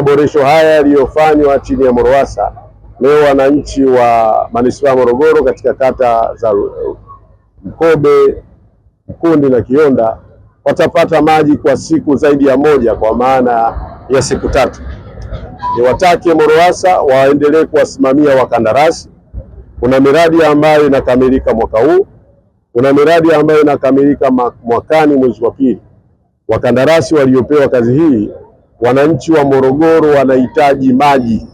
maboresho haya yaliyofanywa chini ya MORUWASA, leo wananchi wa manispaa ya Morogoro katika kata za Mkobe, Mkundi na Kionda watapata maji kwa siku zaidi ya moja, kwa maana ya siku tatu. ni watake MORUWASA waendelee kuwasimamia wakandarasi. Kuna miradi ambayo inakamilika mwaka huu, kuna miradi ambayo inakamilika mwakani mwezi wa pili. Wakandarasi waliopewa kazi hii Wananchi wa Morogoro wanahitaji maji.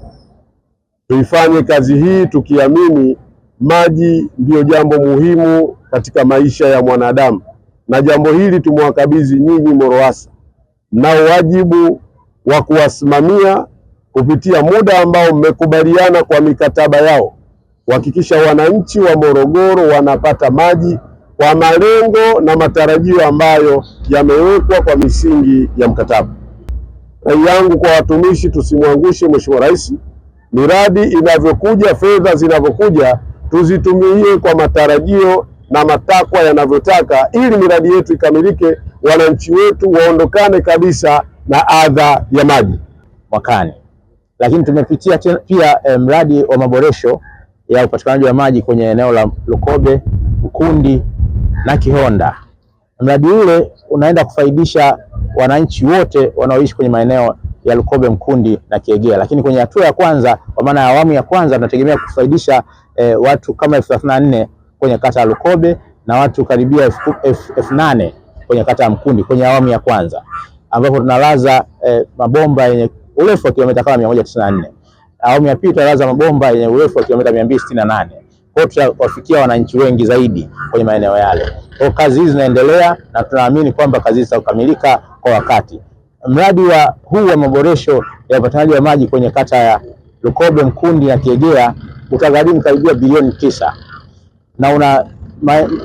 Tuifanye kazi hii tukiamini maji ndiyo jambo muhimu katika maisha ya mwanadamu, na jambo hili tumewakabidhi nyinyi MOROASA, mnao wajibu wa kuwasimamia kupitia muda ambao mmekubaliana kwa mikataba yao, kuhakikisha wananchi wa Morogoro wanapata maji kwa malengo na matarajio ambayo yamewekwa kwa misingi ya mkataba. Rai yangu kwa watumishi, tusimwangushe Mheshimiwa Rais. Miradi inavyokuja, fedha zinavyokuja, tuzitumie kwa matarajio na matakwa yanavyotaka, ili miradi yetu ikamilike, wananchi wetu waondokane kabisa na adha ya maji mwakani. Lakini tumepitia pia eh, mradi wa maboresho ya upatikanaji wa maji kwenye eneo la Lukobe, Mkundi na Kihonda. Mradi ule unaenda kufaidisha wananchi wote wanaoishi kwenye maeneo ya Lukobe, Mkundi na Kiegea. Lakini kwenye hatua ya kwanza, kwa maana ya awamu ya kwanza, tunategemea kufaidisha e, watu kama elfu thelathini na nne kwenye kata ya Lukobe na watu karibia elfu nane kwenye kata ya Mkundi kwenye awamu ya kwanza, ambapo tunalaza e, mabomba yenye urefu wa kilomita kama mia moja tisini na nne. Awamu ya pili tunalaza mabomba yenye urefu wa kilomita mia mbili sitini na nane. Kwa hiyo tutawafikia wananchi wengi zaidi kwenye maeneo yale. Kwa kazi hizi zinaendelea na tunaamini kwamba kazi hizi zitakamilika kwa wakati. Mradi wa huu wa maboresho ya upatikanaji wa maji kwenye kata ya Lukobe, Mkundi na Kiegea utagharimu karibia bilioni tisa na una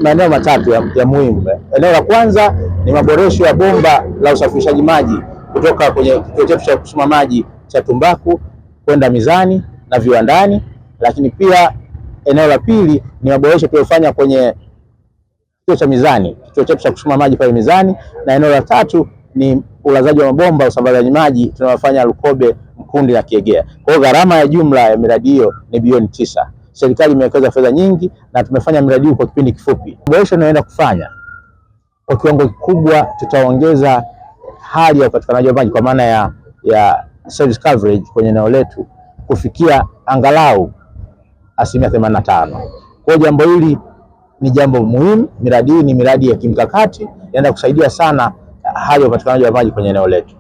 maeneo matatu ya, ya muhimu. Eneo la kwanza ni maboresho ya bomba la usafirishaji maji kutoka kwenye kituo chetu cha kusuma maji cha Tumbaku kwenda Mizani na viwandani, lakini pia eneo la pili ni maboresho tuliyofanya kwenye kituo cha Mizani, kituo chetu cha kusukuma maji pale Mizani, na eneo la tatu ni ulazaji wa mabomba usambazaji maji tunayofanya Lukobe, Mkundi na Kiegea. Kwa hiyo gharama ya jumla ya miradi hiyo ni bilioni tisa. Serikali imewekeza fedha nyingi na tumefanya miradi hii kwa kipindi kifupi. Maboresho tunayoenda kufanya kwa kiwango kikubwa, tutaongeza hali ya upatikanaji wa maji kwa maana ya, ya service coverage kwenye eneo letu kufikia angalau asilimia themanini na tano. Kwa jambo hili ni jambo muhimu. Miradi hii ni miradi ya kimkakati, inaenda kusaidia sana hali ya upatikanaji wa maji kwenye eneo letu.